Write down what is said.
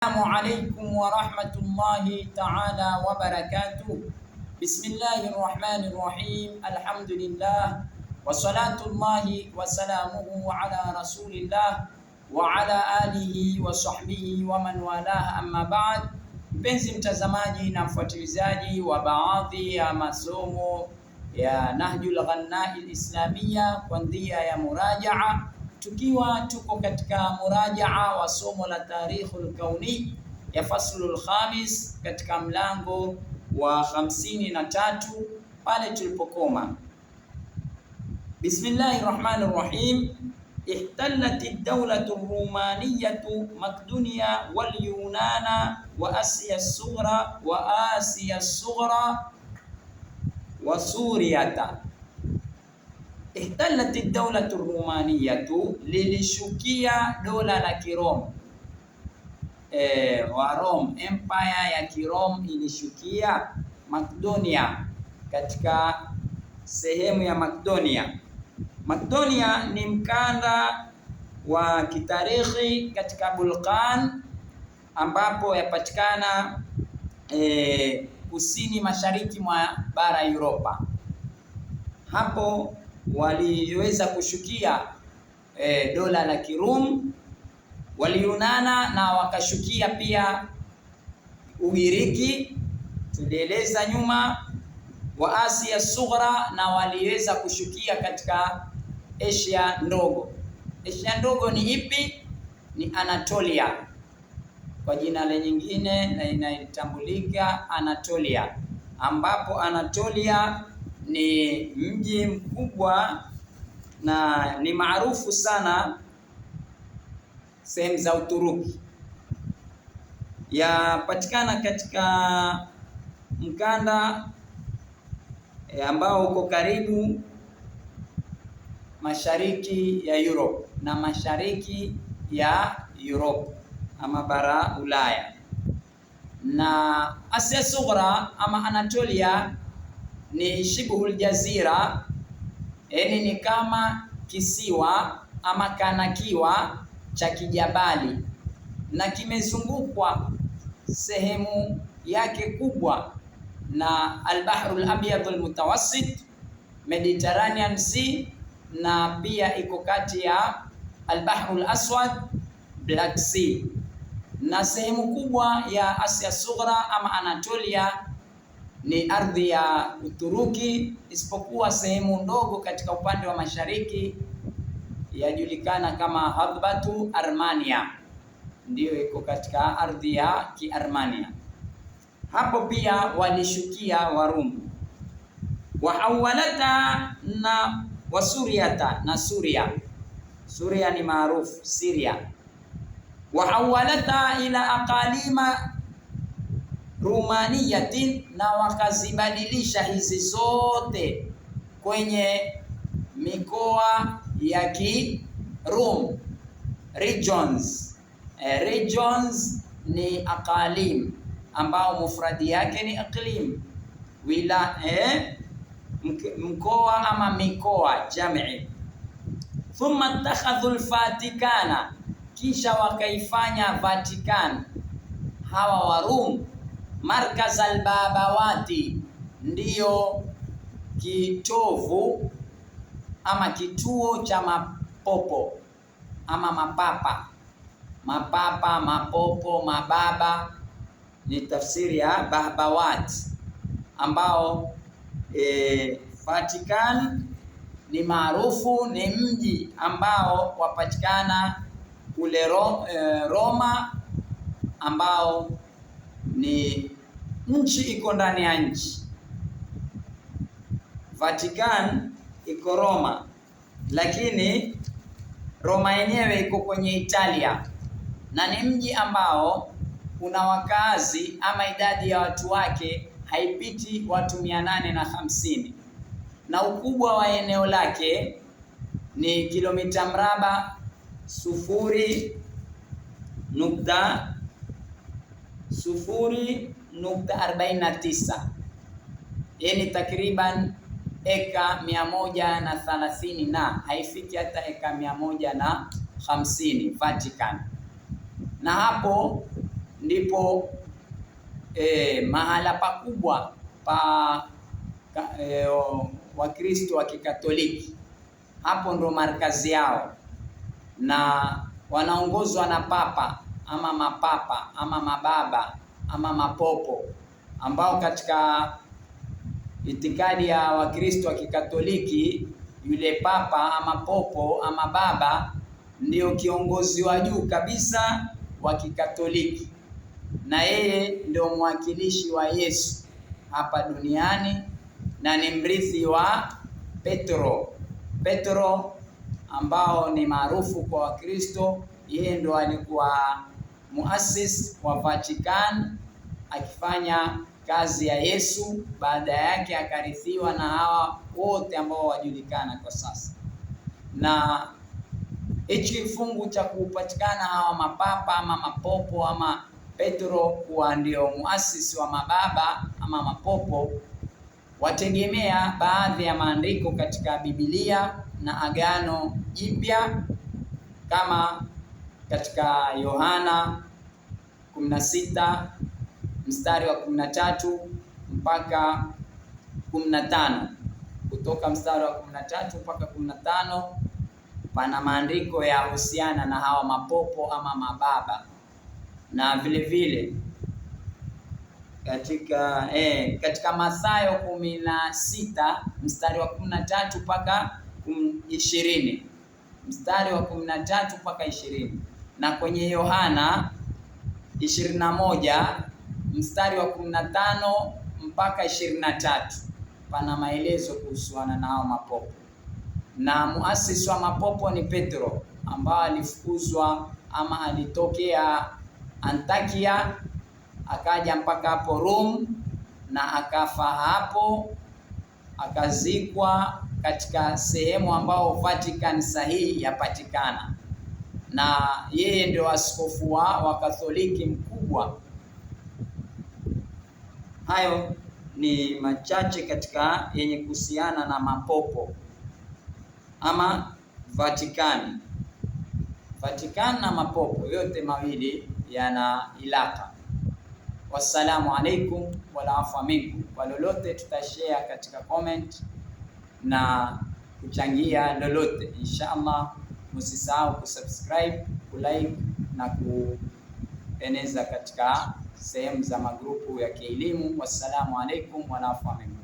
Assalamu alaikum warahmatullahi taala wabarakatuh. Bismillahi rahmani rahim. Alhamdulillah wasalatullahi wasalamuhu ala rasulillah wa ala alihi wa sahbihi wa man walah, amma baad. Mpenzi mtazamaji na mfuatilizaji wa baadhi ya masomo ya Nahjul Ghannai Islamia kwa ndia ya murajaa tukiwa tuko katika murajaa wa somo la Tarikhul Kauni ya faslul khamis katika mlango wa hamsini na tatu pale tulipokoma. Bismillahir Rahmanir Rahim ihtallat ad-dawlatu ar-rumaniyatu Makdunia wal Yunana wa Asiya sughra wa Asiya sughra wa Suriyata ihtalati daulatu rumaniyatu lilishukia dola la Kirom e, wa Rom, empire ya Kirom ilishukia Makedonia, katika sehemu ya Makedonia. Makedonia ni mkanda wa kitarikhi katika Balkan ambapo yapatikana e, kusini mashariki mwa bara Europa. Hapo waliweza kushukia e, dola la Kirum, waliunana na wakashukia pia Ugiriki, tulieleza nyuma, wa Asia Sughra, na waliweza kushukia katika Asia ndogo. Asia ndogo ni ipi? Ni Anatolia kwa jina la nyingine na inatambulika Anatolia, ambapo Anatolia ni mji mkubwa na ni maarufu sana sehemu za Uturuki. Yapatikana katika mkanda eh, ambao uko karibu mashariki ya Europe na mashariki ya Europe ama bara Ulaya na Asia Sughra ama Anatolia ni shibhul jazira, yani ni kama kisiwa ama kanakiwa cha kijabali, na kimezungukwa sehemu yake kubwa na albahrul abyadul almutawassit, Mediterranean Sea, na pia iko kati ya albahrul aswad Black Sea na sehemu kubwa ya Asia Sughra ama Anatolia ni ardhi ya Uturuki, isipokuwa sehemu ndogo katika upande wa mashariki yajulikana kama Habatu Armania, ndiyo iko katika ardhi ya Kiarmania. Hapo pia walishukia Warumi wa awalata na wasuriata na Suria. Suria ni maarufu Siria. Wa awalata ila aqalima rumaniyatin, na wakazibadilisha hizi zote kwenye mikoa ya Kirum regions. Eh, regions ni aqalim ambao mufradi yake ni aqlim wila eh, mkoa ama mikoa jamii. Thumma takhadhu alfatikana, kisha wakaifanya Vatican hawa Warum Markaz Albabawati ndiyo kitovu ama kituo cha mapopo ama mapapa. Mapapa, mapopo, mababa ni tafsiri ya Babawat ambao e, Vatican ni maarufu, ni mji ambao wapatikana kule e, Roma ambao ni nchi iko ndani ya nchi. Vatican iko Roma, lakini Roma yenyewe iko kwenye Italia na ni mji ambao una wakazi ama idadi ya watu wake haipiti watu mia nane na hamsini na ukubwa wa eneo lake ni kilomita mraba sufuri nukta sufuri nukta arobaini na tisa yani takriban eka mia moja na thalathini na haifiki hata eka mia moja na hamsini Vatican, na hapo ndipo e, mahala pakubwa pa e, Wakristo wa Kikatoliki. Hapo ndo markazi yao na wanaongozwa na Papa ama mapapa ama mababa ama mapopo ambao katika itikadi ya Wakristo wa Kikatoliki yule papa ama popo ama baba ndio kiongozi wa juu kabisa wa Kikatoliki, na yeye ndio mwakilishi wa Yesu hapa duniani na ni mrithi wa Petro. Petro ambao ni maarufu kwa Wakristo, yeye ndo alikuwa muasisi wa Vatican akifanya kazi ya Yesu, baada yake akarithiwa na hawa wote ambao wajulikana kwa sasa. Na hichi kifungu cha kupatikana hawa mapapa ama mapopo ama Petro kuwa ndio muasisi wa mababa ama mapopo wategemea baadhi ya maandiko katika Biblia na Agano Jipya kama katika Yohana 16 mstari wa 13 mpaka 15. Kutoka mstari wa 13 mpaka 15 pana maandiko ya husiana na hawa mapopo ama mababa, na vile vile katika eh, katika Mathayo 16 mstari wa 13 mpaka 20, mstari wa 13 mpaka 20 na kwenye Yohana moja mstari wa 15 mpaka tatu pana maelezo kuhusiana na hao mapopo, na muasisi wa mapopo ni Petro, ambaye alifukuzwa ama alitokea Antakia akaja mpaka hapo Rome na akafa hapo, akazikwa katika sehemu ambao Vatican sahihi yapatikana na yeye ndio askofu wa Wakatholiki mkubwa. Hayo ni machache katika yenye kuhusiana na mapopo ama Vatikani. Vatikani na mapopo yote mawili yana ilaka. Wassalamu alaikum walaafa minkum. Kwa lolote tutashare katika comment na kuchangia lolote inshallah msisahau kusubscribe, kulike na kueneza katika sehemu za magrupu ya kielimu. Wassalamu alaikum wanafam